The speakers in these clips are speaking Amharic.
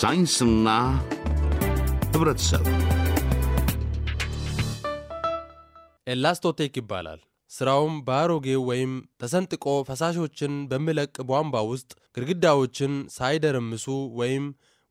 ሳይንስና ህብረተሰብ ኤላስቶቴክ ይባላል። ሥራውም በአሮጌው ወይም ተሰንጥቆ ፈሳሾችን በሚለቅ ቧንቧ ውስጥ ግድግዳዎችን ሳይደረምሱ ወይም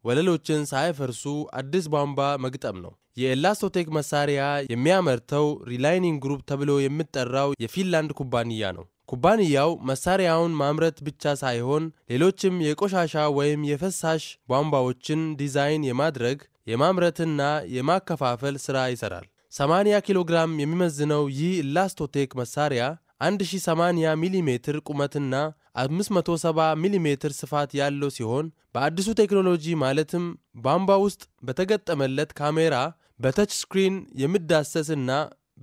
ወለሎችን ሳይፈርሱ አዲስ ቧንቧ መግጠም ነው። የኤላስቶቴክ መሳሪያ የሚያመርተው ሪላይኒንግ ግሩፕ ተብሎ የሚጠራው የፊንላንድ ኩባንያ ነው። ኩባንያው መሳሪያውን ማምረት ብቻ ሳይሆን ሌሎችም የቆሻሻ ወይም የፈሳሽ ቧንቧዎችን ዲዛይን የማድረግ የማምረትና የማከፋፈል ሥራ ይሠራል። 80 ኪሎ ግራም የሚመዝነው ይህ ላስቶቴክ መሳሪያ 1080 ሚሜ ቁመትና 570 ሚሜ ስፋት ያለው ሲሆን በአዲሱ ቴክኖሎጂ ማለትም ቧንቧ ውስጥ በተገጠመለት ካሜራ በተች ስክሪን የሚዳሰስና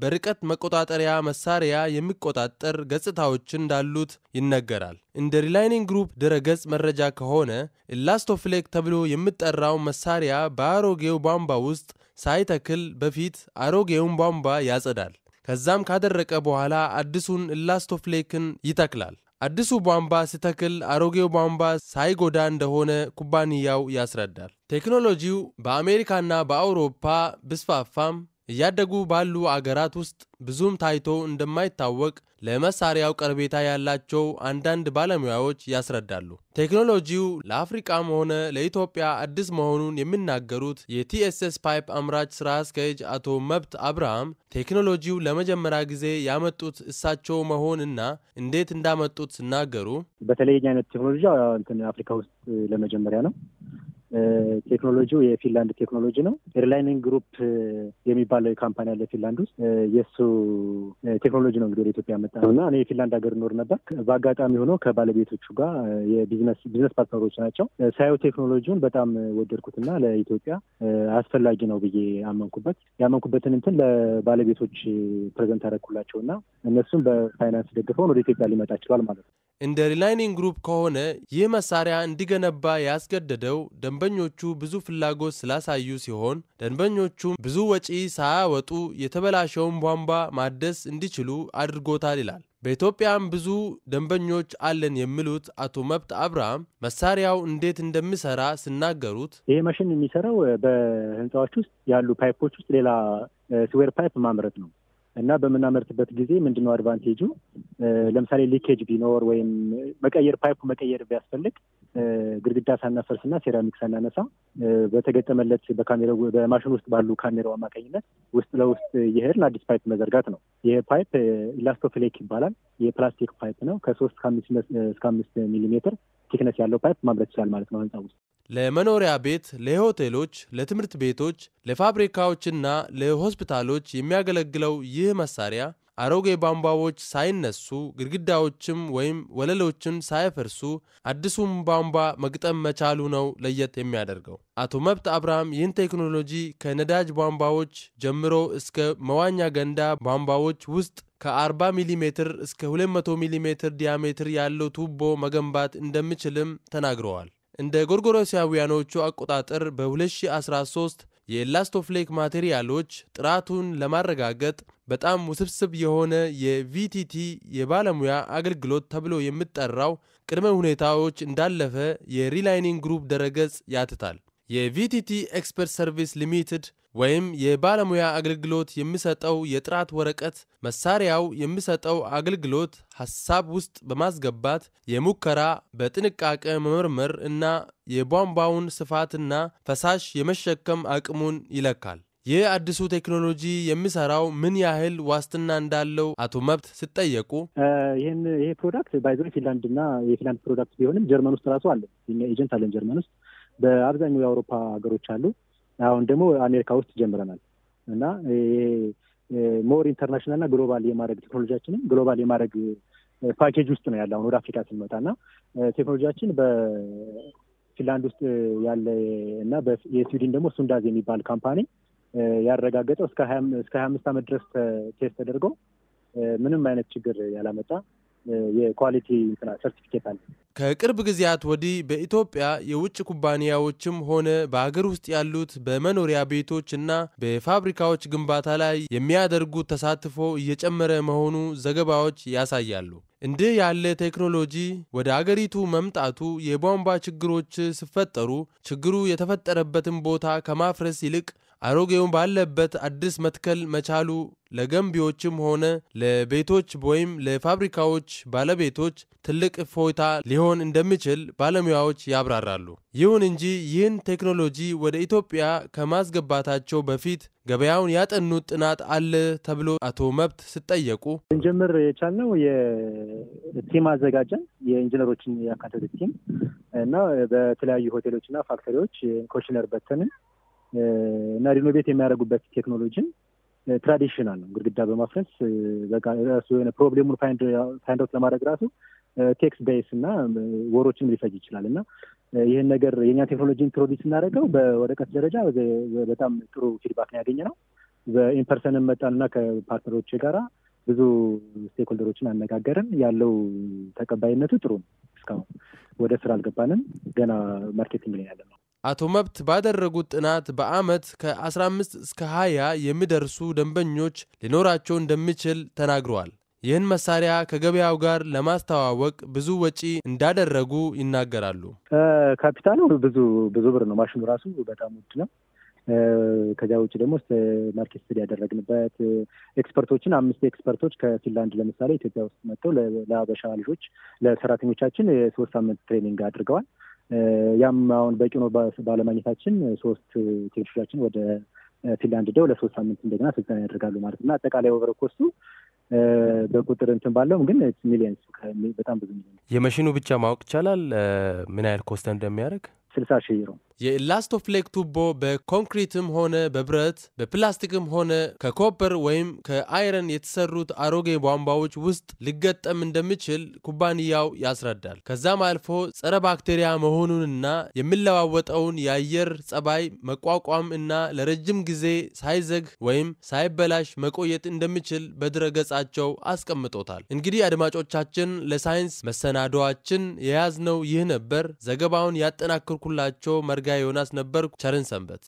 በርቀት መቆጣጠሪያ መሳሪያ የሚቆጣጠር ገጽታዎች እንዳሉት ይነገራል። እንደ ሪላይኒንግ ግሩፕ ድረገጽ መረጃ ከሆነ ኢላስቶፍሌክ ተብሎ የሚጠራው መሳሪያ በአሮጌው ቧንቧ ውስጥ ሳይተክል በፊት አሮጌውን ቧንቧ ያጸዳል። ከዛም ካደረቀ በኋላ አዲሱን ኢላስቶፍሌክን ይተክላል። አዲሱ ቧንቧ ሲተክል አሮጌው ቧንቧ ሳይጎዳ እንደሆነ ኩባንያው ያስረዳል። ቴክኖሎጂው በአሜሪካና በአውሮፓ ብስፋፋም እያደጉ ባሉ አገራት ውስጥ ብዙም ታይቶ እንደማይታወቅ ለመሳሪያው ቀርቤታ ያላቸው አንዳንድ ባለሙያዎች ያስረዳሉ። ቴክኖሎጂው ለአፍሪቃም ሆነ ለኢትዮጵያ አዲስ መሆኑን የሚናገሩት የቲኤስኤስ ፓይፕ አምራች ስራ አስኪያጅ አቶ መብት አብርሃም ቴክኖሎጂው ለመጀመሪያ ጊዜ ያመጡት እሳቸው መሆንና እንዴት እንዳመጡት ሲናገሩ በተለይ የኛ አይነት ቴክኖሎጂ አፍሪካ ውስጥ ለመጀመሪያ ነው። ቴክኖሎጂው የፊንላንድ ቴክኖሎጂ ነው። ኤርላይኒንግ ግሩፕ የሚባለው ካምፓኒ አለ ፊንላንድ ውስጥ የእሱ ቴክኖሎጂ ነው እንግዲህ ወደ ኢትዮጵያ መጣ እና እኔ የፊንላንድ ሀገር ኖር ነበር። በአጋጣሚ ሆኖ ከባለቤቶቹ ጋር የቢዝነስ ፓርትነሮች ናቸው። ሳየው ቴክኖሎጂውን በጣም ወደድኩትና ለኢትዮጵያ አስፈላጊ ነው ብዬ አመንኩበት። ያመንኩበትን እንትን ለባለቤቶች ፕሬዘንት ያደረኩላቸው እና እነሱም በፋይናንስ ደግፈውን ወደ ኢትዮጵያ ሊመጣ ችሏል ማለት ነው። እንደ ሪላይኒንግ ግሩፕ ከሆነ ይህ መሳሪያ እንዲገነባ ያስገደደው ደንብ ደንበኞቹ ብዙ ፍላጎት ስላሳዩ ሲሆን ደንበኞቹም ብዙ ወጪ ሳያወጡ የተበላሸውን ቧንቧ ማደስ እንዲችሉ አድርጎታል ይላል። በኢትዮጵያም ብዙ ደንበኞች አለን የሚሉት አቶ መብት አብርሃም መሳሪያው እንዴት እንደሚሰራ ሲናገሩት ይሄ ማሽን የሚሰራው በህንፃዎች ውስጥ ያሉ ፓይፖች ውስጥ ሌላ ስዌር ፓይፕ ማምረት ነው። እና በምናመርትበት ጊዜ ምንድነው አድቫንቴጁ? ለምሳሌ ሊኬጅ ቢኖር ወይም መቀየር ፓይፑ መቀየር ቢያስፈልግ ግድግዳ ሳናፈርስና ሴራሚክ ሳናነሳ በተገጠመለት በካሜራው በማሽን ውስጥ ባሉ ካሜራው አማካኝነት ውስጥ ለውስጥ እየሄድን አዲስ ፓይፕ መዘርጋት ነው። ይሄ ፓይፕ ኢላስቶፍሌክ ይባላል። የፕላስቲክ ፓይፕ ነው። ከሶስት እስከ አምስት ሚሊሜትር ቲክነስ ያለው ፓይፕ ማምረት ይችላል ማለት ነው ህንፃ ውስጥ ለመኖሪያ ቤት፣ ለሆቴሎች፣ ለትምህርት ቤቶች፣ ለፋብሪካዎችና ለሆስፒታሎች የሚያገለግለው ይህ መሳሪያ አሮጌ ቧንቧዎች ሳይነሱ ግድግዳዎችም ወይም ወለሎችን ሳይፈርሱ አዲሱም ቧንቧ መግጠም መቻሉ ነው ለየት የሚያደርገው። አቶ መብት አብርሃም ይህን ቴክኖሎጂ ከነዳጅ ቧንቧዎች ጀምሮ እስከ መዋኛ ገንዳ ቧንቧዎች ውስጥ ከ40 ሚሜ እስከ 200 ሚሜ ዲያሜትር ያለው ቱቦ መገንባት እንደሚችልም ተናግረዋል። እንደ ጎርጎሮሳውያኖቹ አቆጣጠር በ2013 የላስቶፍሌክ ማቴሪያሎች ጥራቱን ለማረጋገጥ በጣም ውስብስብ የሆነ የቪቲቲ የባለሙያ አገልግሎት ተብሎ የሚጠራው ቅድመ ሁኔታዎች እንዳለፈ የሪላይኒንግ ግሩፕ ደረገጽ ያትታል። የቪቲቲ ኤክስፐርት ሰርቪስ ሊሚትድ ወይም የባለሙያ አገልግሎት የሚሰጠው የጥራት ወረቀት መሳሪያው የሚሰጠው አገልግሎት ሐሳብ ውስጥ በማስገባት የሙከራ በጥንቃቄ መመርመር እና የቧንቧውን ስፋትና ፈሳሽ የመሸከም አቅሙን ይለካል። ይህ አዲሱ ቴክኖሎጂ የሚሰራው ምን ያህል ዋስትና እንዳለው አቶ መብት ሲጠየቁ ይህን ይሄ ፕሮዳክት ባይዞ ፊንላንድና የፊንላንድ ፕሮዳክት ቢሆንም ጀርመን ውስጥ ራሱ አለ። ኤጀንት አለን ጀርመን ውስጥ በአብዛኛው የአውሮፓ ሀገሮች አሉ። አሁን ደግሞ አሜሪካ ውስጥ ጀምረናል እና ሞር ኢንተርናሽናል እና ግሎባል የማድረግ ቴክኖሎጂያችንን ግሎባል የማድረግ ፓኬጅ ውስጥ ነው ያለ አሁን ወደ አፍሪካ ስንመጣ እና ቴክኖሎጂያችን በፊንላንድ ውስጥ ያለ እና የስዊድን ደግሞ ሱንዳዝ የሚባል ካምፓኒ ያረጋገጠው እስከ ሀያ አምስት ዓመት ድረስ ቴስት ተደርገው ምንም አይነት ችግር ያላመጣ የኳሊቲ ሰርቲፊኬት አለ። ከቅርብ ጊዜያት ወዲህ በኢትዮጵያ የውጭ ኩባንያዎችም ሆነ በሀገር ውስጥ ያሉት በመኖሪያ ቤቶች እና በፋብሪካዎች ግንባታ ላይ የሚያደርጉት ተሳትፎ እየጨመረ መሆኑ ዘገባዎች ያሳያሉ። እንዲህ ያለ ቴክኖሎጂ ወደ አገሪቱ መምጣቱ የቧንቧ ችግሮች ሲፈጠሩ ችግሩ የተፈጠረበትን ቦታ ከማፍረስ ይልቅ አሮጌውን ባለበት አዲስ መትከል መቻሉ ለገንቢዎችም ሆነ ለቤቶች ወይም ለፋብሪካዎች ባለቤቶች ትልቅ እፎይታ ሊሆን እንደሚችል ባለሙያዎች ያብራራሉ። ይሁን እንጂ ይህን ቴክኖሎጂ ወደ ኢትዮጵያ ከማስገባታቸው በፊት ገበያውን ያጠኑት ጥናት አለ ተብሎ አቶ መብት ሲጠየቁ እንጀምር የቻልነው የቲም አዘጋጀን የኢንጂነሮችን ያካተተ ቲም እና በተለያዩ ሆቴሎችና ፋክተሪዎች ኮሽነር በተንን እና ሪኖቬት የሚያደርጉበት ቴክኖሎጂን ትራዲሽናል ነው ግድግዳ በማፍረስ ሱ የሆነ ፕሮብሌሙን ፋይንድ አውት ለማድረግ ራሱ ቴክስ ቤስ እና ወሮችን ሊፈጅ ይችላል እና ይህን ነገር የእኛ ቴክኖሎጂ ኢንትሮዲስ ስናደርገው በወረቀት ደረጃ በጣም ጥሩ ፊድባክ ያገኘ ነው። መጣን እና ከፓርትነሮች ጋራ ብዙ ስቴክሆልደሮችን አነጋገርን። ያለው ተቀባይነቱ ጥሩ ነው። እስካሁን ወደ ስራ አልገባንም። ገና ማርኬቲንግ ላይ ያለ ነው። አቶ መብት ባደረጉት ጥናት በዓመት ከ15 እስከ 20 የሚደርሱ ደንበኞች ሊኖራቸው እንደሚችል ተናግረዋል። ይህን መሳሪያ ከገበያው ጋር ለማስተዋወቅ ብዙ ወጪ እንዳደረጉ ይናገራሉ። ካፒታሉ ብዙ ብዙ ብር ነው። ማሽኑ ራሱ በጣም ውድ ነው። ከዚያ ውጭ ደግሞ ማርኬት ስል ያደረግንበት ኤክስፐርቶችን አምስት ኤክስፐርቶች ከፊንላንድ ለምሳሌ ኢትዮጵያ ውስጥ መጥተው ለሀበሻ ልጆች ለሰራተኞቻችን የሶስት ሳምንት ትሬኒንግ አድርገዋል። ያም አሁን በቂ ሆኖ ባለማግኘታችን ሶስት ቴክኒሾቻችን ወደ ፊንላንድ ደው ለሶስት ሳምንት እንደገና ስልጠና ያደርጋሉ ማለት ነው እና አጠቃላይ ኦቨር ኮስቱ በቁጥር እንትን ባለውም ግን ሚሊየንስ በጣም ብዙ ሚሊየን የመሽኑ ብቻ ማወቅ ይቻላል ምን ያህል ኮስተ እንደሚያደርግ ስልሳ ሺህ ዩሮ። የኢላስቶፍሌክ ቱቦ በኮንክሪትም ሆነ በብረት በፕላስቲክም ሆነ ከኮፐር ወይም ከአይረን የተሰሩት አሮጌ ቧንቧዎች ውስጥ ሊገጠም እንደሚችል ኩባንያው ያስረዳል። ከዛም አልፎ ጸረ ባክቴሪያ መሆኑንና የሚለዋወጠውን የአየር ጸባይ መቋቋም እና ለረጅም ጊዜ ሳይዘግ ወይም ሳይበላሽ መቆየት እንደሚችል በድረ ገጻቸው አስቀምጦታል። እንግዲህ አድማጮቻችን ለሳይንስ መሰናዶዋችን የያዝነው ይህ ነበር። ዘገባውን ያጠናክሩ ሁላቸው መርጋ ዮናስ ነበርኩ። ቸርን ሰንበት